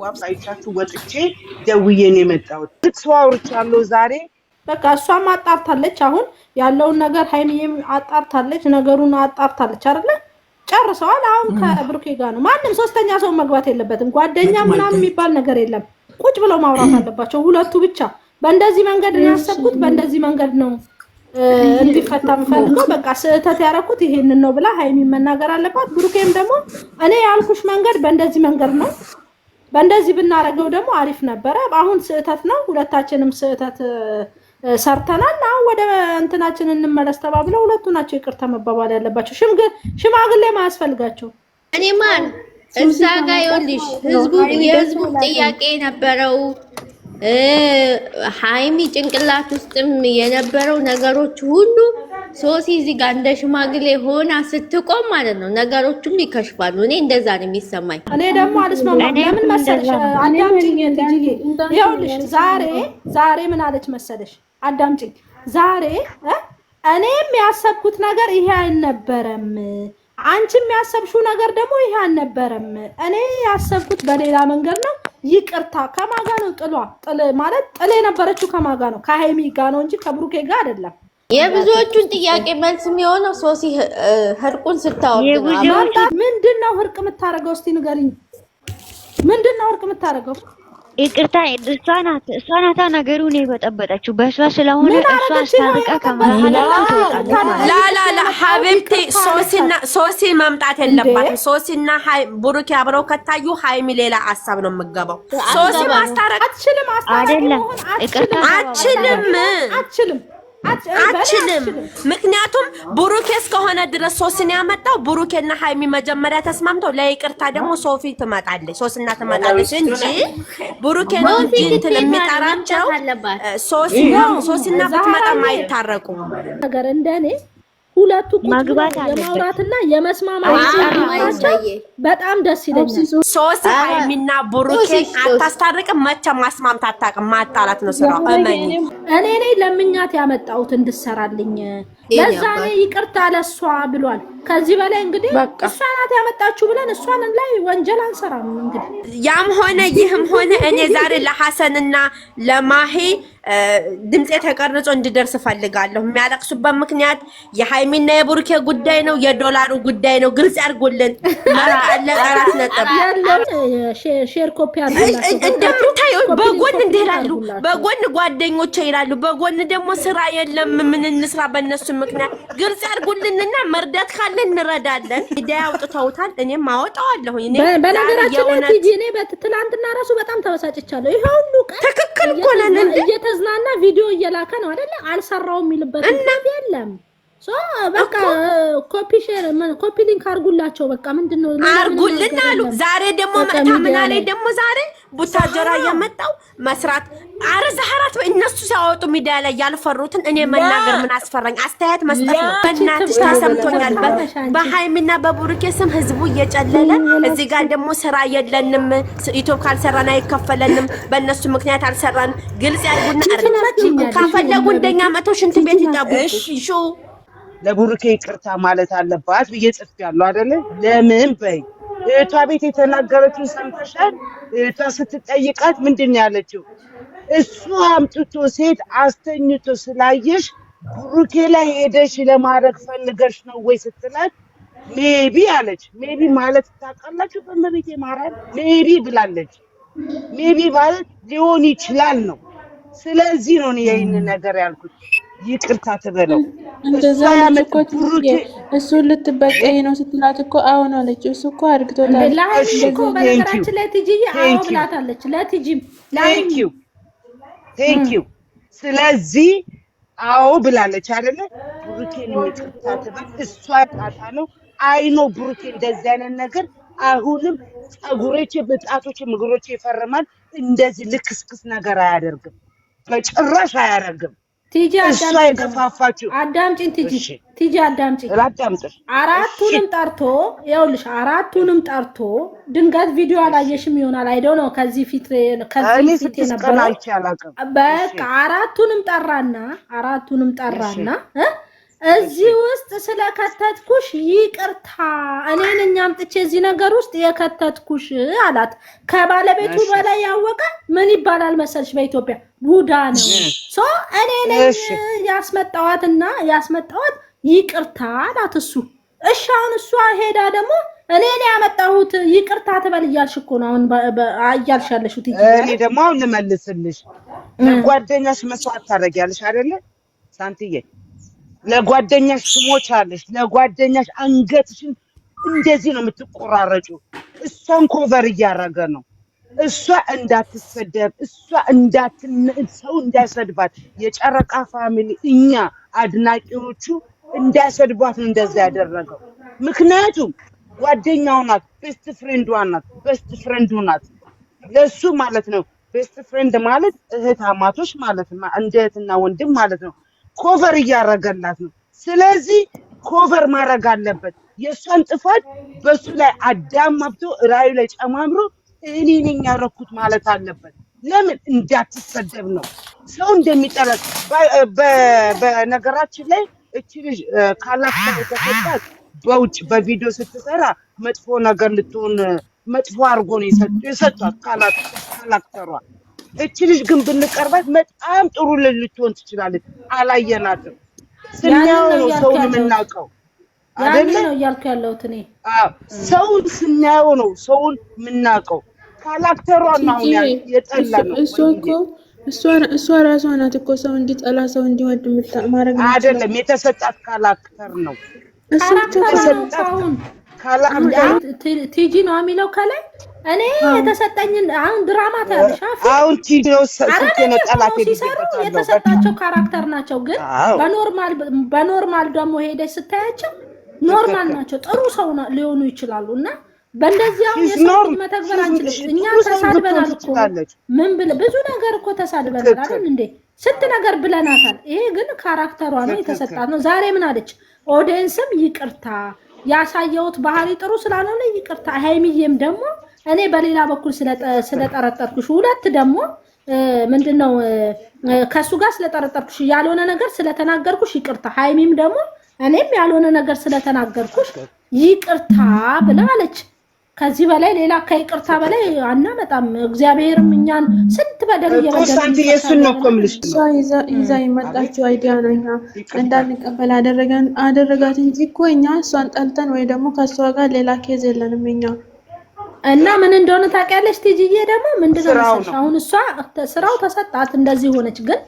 ዋብስ አይቻችሁ ወጥቼ ደውዬን የመጣሁት ሰው አውርቻለሁ ዛሬ። በቃ እሷም አጣርታለች። አሁን ያለውን ነገር ሀይሚዬም አጣርታለች፣ ነገሩን አጣርታለች አይደለ? ጨርሰዋል። አሁን ከብሩኬ ጋር ነው። ማንም ሶስተኛ ሰው መግባት የለበትም። ጓደኛ ምናምን የሚባል ነገር የለም። ቁጭ ብለው ማውራት አለባቸው ሁለቱ ብቻ። በእንደዚህ መንገድ ነው ያሰብኩት፣ በእንደዚህ መንገድ ነው እንዲፈታ የምፈልገው። በቃ ስህተት ያደረኩት ይሄንን ነው ብላ ሀይሚ መናገር አለባት። ብሩኬም ደግሞ እኔ ያልኩሽ መንገድ በእንደዚህ መንገድ ነው በእንደዚህ ብናደርገው ደግሞ አሪፍ ነበረ። አሁን ስህተት ነው፣ ሁለታችንም ስህተት ሰርተናል። አሁን ወደ እንትናችን እንመለስ ተባብለው ሁለቱ ናቸው ይቅርታ መባባል ያለባቸው። ሽማግሌ ማያስፈልጋቸው እኔ ማን እዛ ጋ ይኸውልሽ፣ ህዝቡ የህዝቡ ጥያቄ ነበረው ሀይሚ ጭንቅላት ውስጥም የነበረው ነገሮች ሁሉ ሶሲ እዚህ ጋር እንደ ሽማግሌ ሆና ስትቆም ማለት ነው ነገሮቹም ይከሽፋሉ። እኔ እንደዛ ነው የሚሰማኝ። እኔ ደግሞ አልስማማም። ለምን መሰለሽ አዳምጪኝ፣ ይኸውልሽ ዛሬ ዛሬ ምን አለች መሰለሽ አዳምጪኝ፣ ዛሬ እኔ ያሰብኩት ነገር ይሄ አልነበረም አንቺ ያሰብሽው ነገር ደግሞ ይሄ አልነበረም። እኔ ያሰብኩት በሌላ መንገድ ነው ይቅርታ ከማጋ ነው ጥሏ ማለት ጥል የነበረችው ከማጋ ነው ከሀይሚ ጋ ነው እንጂ ከብሩኬ ጋ አይደለም። የብዙዎቹን ጥያቄ መልስ የሚሆነው ሶሲ ህርቁን ስታወቅ ምንድን ነው ህርቅ የምታደርገው? እስቲ ንገሪኝ፣ ምንድን ነው ህርቅ የምታደርገው? ይቅርታ እሷ ናት እሷ ናታ ነገሩን የበጠበጠችው በእሷ ስለሆነ እሷ አስታርቃ ከመላላላ ሀቢብቲ ሶሲ መምጣት የለባትም። ሶሲና ቡሩክ አብረው ከታዩ ሀይሚ ሌላ ሀሳብ ነው የምገባው። ሶሲ ማስታረቅ አትችልም፣ አትችልም አችልም። ምክንያቱም ብሩኬ እስከሆነ ድረስ ሶስን ያመጣው ብሩኬና ሀይሚ መጀመሪያ ተስማምተው ለይቅርታ ደግሞ ሶፊ ትመጣለች፣ ሶስና ትመጣለች እንጂ ብሩኬ ነው እንጂ እንትን የሚጠራቸው ሶስና ብትመጣም አይታረቁም ነገር እንደኔ ሁለቱ ማግባት የማውራትና የመስማማት በጣም ደስ ይለኛል። ሶስት ሀይሚና ብሩኬን አታስታርቅም፣ መቼም ማስማምት አታውቅም። ማጣላት ነው ስራው። እመኝ እኔ ነኝ ለምኛት ያመጣሁት እንድሰራልኝ። ለዛ ይቅርታ ለሷ ብሏል ከዚህ በላይ እንግዲህ እሷ ናት ያመጣችሁ ብለን እሷን ላይ ወንጀል አንሰራም። እንግዲህ ያም ሆነ ይህም ሆነ እኔ ዛሬ ለሐሰንና ለማሄ ድምፄ ተቀርጾ እንድደርስ እፈልጋለሁ። የሚያለቅሱበት ምክንያት የሃይሚና የቡርኬ ጉዳይ ነው፣ የዶላሩ ጉዳይ ነው። ግልጽ ያድርጉልን። አራት ነጥብ ሼር ኮፒ እንደምታዩ በጎን እንዲህ ይላሉ፣ በጎን ጓደኞቼ ይላሉ፣ በጎን ደግሞ ስራ የለም ምን እንስራ በእነሱ ምክንያት። ግልጽ ያድርጉልንና መርዳት ካለ እናውቃለን፣ እንረዳለን። ሂዳያ አውጥተውታል። እኔም አወጣዋለሁኝ። በነገራችን ላይ ቲጂ እኔ ትናንትና ራሱ በጣም ተበሳጭቻለሁ። ይሄ ሁሉ ቀን ትክክል እኮ ነን። እየተዝናና ቪዲዮ እየላከ ነው አይደለ? አልሰራውም የሚልበት የለም በቃ ኮፒ ሼር ኮፒ ሊንክ አርጉላቸው። በቃ ምንድን ነው አርጉልን አሉ። ዛሬ ደግሞ መጣ ምና ላይ ደግሞ ዛሬ ቡታጀራ የመጣው መስራት አረ ዛህራት እነሱ ሲያወጡ ሚዲያ ላይ ያልፈሩትን እኔ መናገር ምን አስፈራኝ? አስተያየት መስጠት ነው። በእናትሽ ተሰምቶኛል። በሀይሚና በቡርኬ ስም ህዝቡ እየጨለለ እዚህ ጋር ደግሞ ስራ የለንም፣ ኢትዮ ካልሰራን አይከፈለንም፣ በእነሱ ምክንያት አልሰራን። ግልጽ ያርጉና ካፈለጉ እንደኛ መቶ ሽንት ቤት ይጠቡ ሹ ለቡርኬ ይቅርታ ማለት አለባት ብዬ ጽፌያለሁ አይደለ? ለምን በይ እህቷ ቤት የተናገረችው ሰምተሻል? እህቷ ስትጠይቃት ምንድን ያለችው? እሱ አምጥቶ ሴት አስተኝቶ ስላየሽ ቡርኬ ላይ ሄደሽ ለማድረግ ፈልገሽ ነው ወይ ስትላት ሜቢ አለች። ሜቢ ማለት ታውቃላችሁ፣ በእመቤቴ ማርያም ሜቢ ብላለች። ሜቢ ማለት ሊሆን ይችላል ነው ስለዚህ ነው እኔ ይህን ነገር ያልኩት። ይቅርታ ትበለው እንደዛ ያመጥኩት እሱን ልትበቀይ ነው ስትላት እኮ አሁን አለች። እሱ እኮ አድርግቶታል። በነገራችን ለትጂ አሁን ብላታለች። ቴንክ ዩ ስለዚህ አዎ ብላለች አይደለ? ብሩኬን ይቅርታ ትበል። እሷ ጣጣ ነው አይኖ ብሩኬ እንደዚህ አይነት ነገር አሁንም ፀጉሮቼ፣ በጣቶቼ፣ ምግሮቼ ይፈርማል። እንደዚህ ልክስክስ ነገር አያደርግም። በጭራሽ አያረግም። ቲጂ እሷ የገፋፋችው ቲጂ ቲጂ አራቱንም ጠርቶ ይኸውልሽ፣ አራቱንም ጠርቶ ድንገት ቪዲዮ አላየሽም ይሆናል አይደው ከዚህ ፊት ከዚህ ፊት የነበረው በቃ አራቱንም ጠራና አራቱንም ጠራና እዚህ ውስጥ ስለከተትኩሽ ይቅርታ፣ እኔ ነኝ አምጥቼ እዚህ ነገር ውስጥ የከተትኩሽ አላት። ከባለቤቱ በላይ ያወቀ ምን ይባላል መሰልሽ? በኢትዮጵያ ቡዳ ነው። ሶ እኔ ነኝ ያስመጣዋትና ያስመጣዋት ይቅርታ አላት። እሱ እሺ፣ አሁን እሷ ሄዳ ደግሞ እኔ ነው ያመጣሁት ይቅርታ ትበል እያልሽ እኮ ነው አሁን እያልሽ ያለሽው። እኔ ደግሞ አሁን ልመልስልሽ፣ ጓደኛሽ መስዋዕት ታደርጊያለሽ አይደለ ሳንትዬ ለጓደኛሽ ስሞቻለሽ፣ ለጓደኛሽ አንገትሽን እንደዚህ ነው የምትቆራረጩ። እሷን ኮቨር እያደረገ ነው። እሷ እንዳትሰደብ፣ እሷ ሰው እንዳይሰድባት፣ የጨረቃ ፋሚሊ እኛ አድናቂዎቹ እንዳይሰድቧት ነው እንደዛ ያደረገው። ምክንያቱም ጓደኛው ናት፣ ቤስት ፍሬንዷ ናት፣ ቤስት ፍሬንዱ ናት ለሱ ማለት ነው። ቤስት ፍሬንድ ማለት እህት አማቶች ማለት እንደ እህትና ወንድም ማለት ነው። ኮቨር እያረገላት ነው። ስለዚህ ኮቨር ማድረግ አለበት። የእሷን ጥፋት በሱ ላይ አዳም አዳማብቶ ራዩ ላይ ጨማምሮ እኔ ነኝ ያደረኩት ማለት አለበት። ለምን እንዳትሰደብ ነው ሰው እንደሚጠረቅ። በነገራችን ላይ እቺ ልጅ ካላት የተሰጣት በውጭ በቪዲዮ ስትሰራ መጥፎ ነገር ልትሆን መጥፎ አድርጎ ነው የሰጧት ካላክተሯ እች ልጅ ግን ብንቀርባት በጣም ጥሩ ልትሆን ትችላለች። አላየናትም። ስናየው ነው ሰውን የምናውቀው ነው እያልኩ ያለሁት እኔ ሰውን ስናየው ነው ሰውን የምናውቀው። ካላክተሯ ነው የጠላ ነው እሱ እኮ እሷ ራሷ ናት እኮ ሰው እንዲጠላ ሰው እንዲወድ ማድረግ አይደለም። የተሰጣት ካራክተር ነው እሱ ተሰጣት ቲጂ ነው የሚለው ከላይ እኔ የተሰጠኝን አሁን ድራማ ታያለሽ። ቲጂ ነው ሲሰሩ የተሰጣቸው ካራክተር ናቸው። ግን በኖርማል በኖርማል ደግሞ ሄደሽ ስታያቸው ኖርማል ናቸው። ጥሩ ሰው ሊሆኑ ይችላሉ እና በእንደዚህ አሁን የሰው መተግበር አንችልም። እኛ ተሳድበናል እኮ ምን ብለ ብዙ ነገር እኮ ተሳድበናል አይደል እንዴ? ስንት ነገር ብለናታል። ይሄ ግን ካራክተሯ ነው የተሰጣት ነው። ዛሬ ምን አለች? ኦዲየንስም ይቅርታ ያሳየሁት ባህሪ ጥሩ ስላልሆነ ይቅርታ። ሀይሚዬም ደግሞ እኔ በሌላ በኩል ስለጠረጠርኩሽ፣ ሁለት ደግሞ ምንድን ነው ከእሱ ጋር ስለጠረጠርኩሽ ያልሆነ ነገር ስለተናገርኩሽ ይቅርታ። ሀይሚም ደግሞ እኔም ያልሆነ ነገር ስለተናገርኩሽ ይቅርታ ብላለች። አለች። ከዚህ በላይ ሌላ ከይቅርታ በላይ አናመጣም። እግዚአብሔርም እኛን ስንት በደል ይዛ የመጣችው አይዲያ ነው እኛ እንዳንቀበል አደረጋት እንጂ እኮ እኛ እሷን ጠልተን ወይ ደግሞ ከእሷ ጋር ሌላ ኬዝ የለንም እኛ እና ምን እንደሆነ ታውቂያለሽ? ትጅዬ ደግሞ ምንድነው አሁን እሷ ስራው ተሰጣት እንደዚህ ሆነች። ግን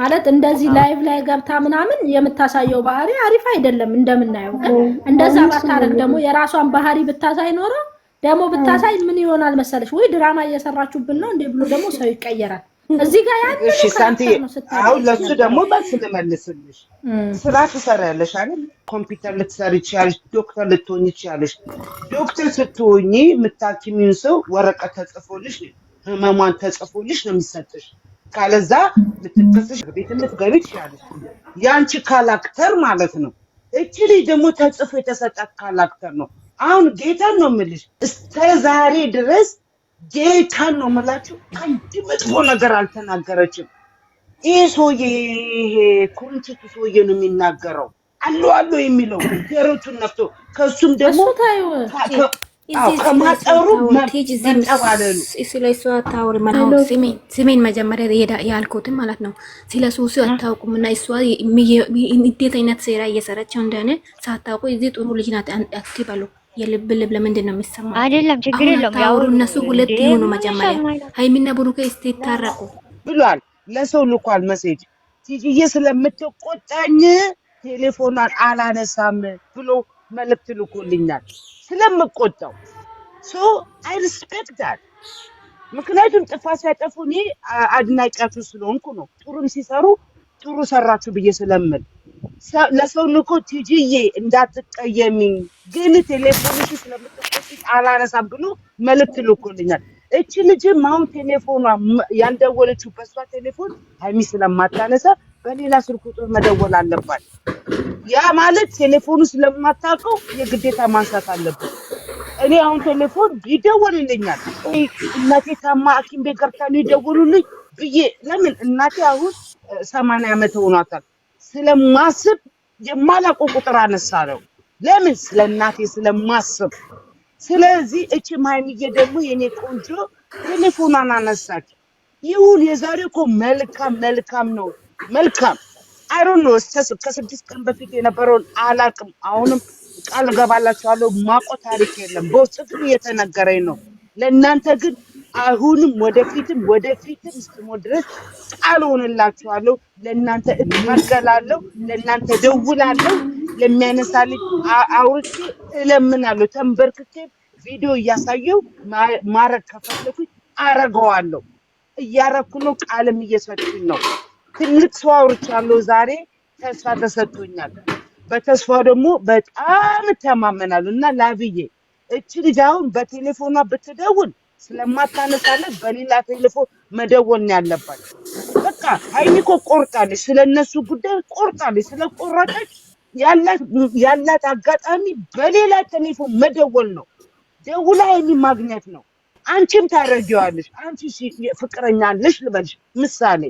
ማለት እንደዚህ ላይቭ ላይ ገብታ ምናምን የምታሳየው ባህሪ አሪፍ አይደለም እንደምናየው። ግን እንደዛ ባታረግ ደግሞ የራሷን ባህሪ ብታሳይ ኖረው ደግሞ ብታሳይ ምን ይሆናል መሰለሽ? ወይ ድራማ እየሰራችሁብን ነው እንዴ ብሎ ደግሞ ሰው ይቀየራል። እዚህ ጋር ያን እሺ፣ ሳንቲ አሁን ለሱ ደግሞ መልስ ልመልስልሽ። ስራ ትሰሪያለሽ አይደል? ኮምፒውተር ልትሰሪ ትችያለሽ፣ ዶክተር ልትሆኝ ትችያለሽ። ዶክተር ስትሆኚ የምታክሚውን ሰው ወረቀት ተጽፎልሽ ህመሟን ተጽፎልሽ ነው የሚሰጥሽ። ካለዛ ልትከስሽ ቤት ልትገቢ ትችያለሽ። ያንቺ ካላክተር ማለት ነው። እቺ ልጅ ደግሞ ተጽፎ የተሰጣት ካላክተር ነው አሁን ጌታን ነው የምልሽ፣ እስከ ዛሬ ድረስ ጌታን ነው የምላችሁ፣ አንድ መጥፎ ነገር አልተናገረችም። ይህ ሰውዬ ይሄ ኩርንችቱ ሰውዬ ነው የሚናገረው አሉ አሉ የሚለው ገረቱን ነፍቶ ከእሱም ደግሞ ከማጠሩ ስለሱ አታወሪም። ስሜን መጀመሪያ ያልኩትን ማለት ነው። ስለ ሱሱ አታውቁም እና እሷ እንዴት አይነት ሴራ እየሰራቸው እንደሆነ ሳታውቁ እዚህ ጥሩ ልጅ ናት አትበሉ። የልብ ልብ ለምንድን ነው የሚሰማው? አይደለም ችግር የለውም። ያውሩ እነሱ ሁለት ይሆኑ መጀመሪያ ሀይሚና ብሩኬ እስቲ ይታረቁ ብሏል። ለሰው ልኳል መሴጅ ቲጂዬ ስለምትቆጣኝ ቴሌፎኗን አላነሳም ብሎ መልእክት ልኮልኛል። ስለምቆጣው ሶ አይ ሪስፔክት ዳት ምክንያቱም ጥፋት ሲያጠፉ እኔ አድናቂያችሁ ስለሆንኩ ነው። ጥሩም ሲሰሩ ጥሩ ሰራችሁ ብዬ ስለምል ለሰው ንኮ ቲጂዬ እንዳትቀየሚ፣ ግን ቴሌፎንሽ ስለምትቆጥ አላነሳም ብሎ መልእክት ልኮልኛል። እቺ ልጅም አሁን ቴሌፎኗ ያልደወለችው በሷ ቴሌፎን ሀይሚ ስለማታነሳ በሌላ ስልክ ቁጥር መደወል አለባት። ያ ማለት ቴሌፎኑ ስለማታውቀው የግዴታ ማንሳት አለበት። እኔ አሁን ቴሌፎን ይደወልልኛል። እናቴ ታማ ሐኪም ቤት ገብታ ነው ይደወሉልኝ ብዬ ለምን እናቴ አሁን ሰማንያ ዓመት ሆኗታል። ስለማስብ የማላቁ ቁጥር አነሳ ነው። ለምን ስለ እናቴ ስለማስብ። ስለዚህ እቺ ማይሚዬ ደግሞ የኔ ቆንጆ ቴሌፎኗን አነሳች። ይሁን የዛሬ እኮ መልካም መልካም ነው መልካም አይሮኖ ከስድስት ቀን በፊት የነበረውን አላቅም። አሁንም ቃል ገባላችኋለሁ ማቆ ታሪክ የለም በውስጥ እየተነገረኝ ነው። ለእናንተ ግን አሁንም ወደፊትም ወደፊትም እስክሞት ድረስ ቃል ሆንላችኋለሁ። ለእናንተ እታገላለሁ፣ ለእናንተ ደውላለሁ፣ ለሚያነሳልኝ አውርቼ እለምናለሁ። ተንበርክኬ ቪዲዮ እያሳየው ማረግ ከፈለኩኝ አረገዋለሁ። እያረኩ ነው፣ ቃልም እየሰጡኝ ነው። ትልቅ ሰው አውርቻለሁ ዛሬ። ተስፋ ተሰጥቶኛል። በተስፋ ደግሞ በጣም እተማመናለሁ እና ላብዬ እች ልጅ አሁን በቴሌፎኗ ብትደውል ስለማታነሳለት በሌላ ቴሌፎን መደወል ነው በቃ ሀይሚ እኮ ቆርጣለች፣ ስለነሱ ጉዳይ ቆርጣለች። ስለቆረጠች ያላት አጋጣሚ በሌላ ቴሌፎን መደወል ነው፣ ደውላ ሀይሚ ማግኘት ነው። አንቺም ታደርጊዋለሽ። አንቺ ፍቅረኛ አለሽ ልበልሽ፣ ምሳሌ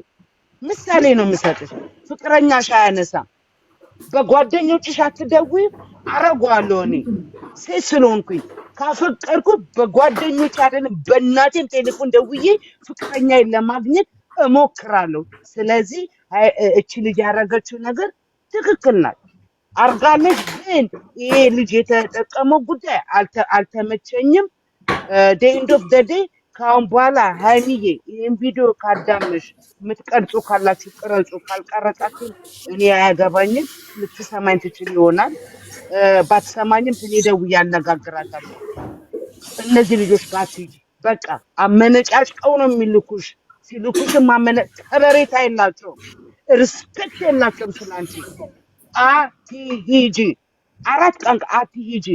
ምሳሌ ነው የምሰጥሽ። ፍቅረኛሽ አያነሳም፣ በጓደኞችሽ አትደውይም። አረጓለሁ እኔ ሴት ስለሆንኩኝ ካፈቀርኩ በጓደኞች አይደለም በእናቴም ቴሌፎን ደውዬ ፍቅረኛዬን ለማግኘት እሞክራለሁ። ስለዚህ እቺ ልጅ ያደረገችው ነገር ትክክል ናት አርጋለች። ግን ይሄ ልጅ የተጠቀመው ጉዳይ አልተመቸኝም። ደንድ ኦፍ ዘዴ ከአሁን በኋላ ሀይሚዬ ይህን ቪዲዮ ካዳመሽ የምትቀርጹ ካላችሁ ቅረጹ፣ ካልቀረጻችሁ እኔ አያገባኝም። ልትሰማኝ ትችል ይሆናል። ባትሰማኝም እኔ ደውዬ አነጋግራታለሁ። እነዚህ ልጆች ባትሄጂ በቃ አመነጫጭቀው ነው የሚልኩሽ። ሲልኩሽም አመነ ከበሬታ የላቸውም፣ ሪስፔክት የላቸውም። ስላንቺ አትሂጂ አራት ቋንቋ አትሂጂ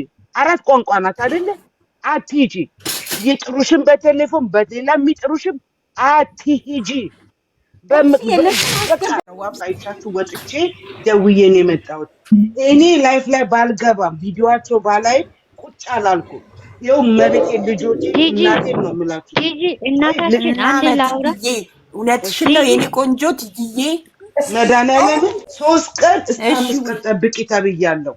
አራት ቋንቋ ናት አይደለ? አትሂጂ ይጥሩሽም፣ በቴሌፎን በሌላ የሚጥሩሽም አትሂጂ በምሳይቻችሁ ወጥቼ ደውዬን የመጣሁት እኔ ላይፍ ላይ ባልገባም ቪዲዮቸው ባላይ ቁጭ አላልኩም። ይኸው መልኬ ልጆቼ እናቴን ነው የምላችሁ። እውነትሽን ነው የኔ ቆንጆ ትዬ መድኃኒዓለምን ሶስት ቀን እስከ አምስት ቀን ጠብቂ ተብያለሁ።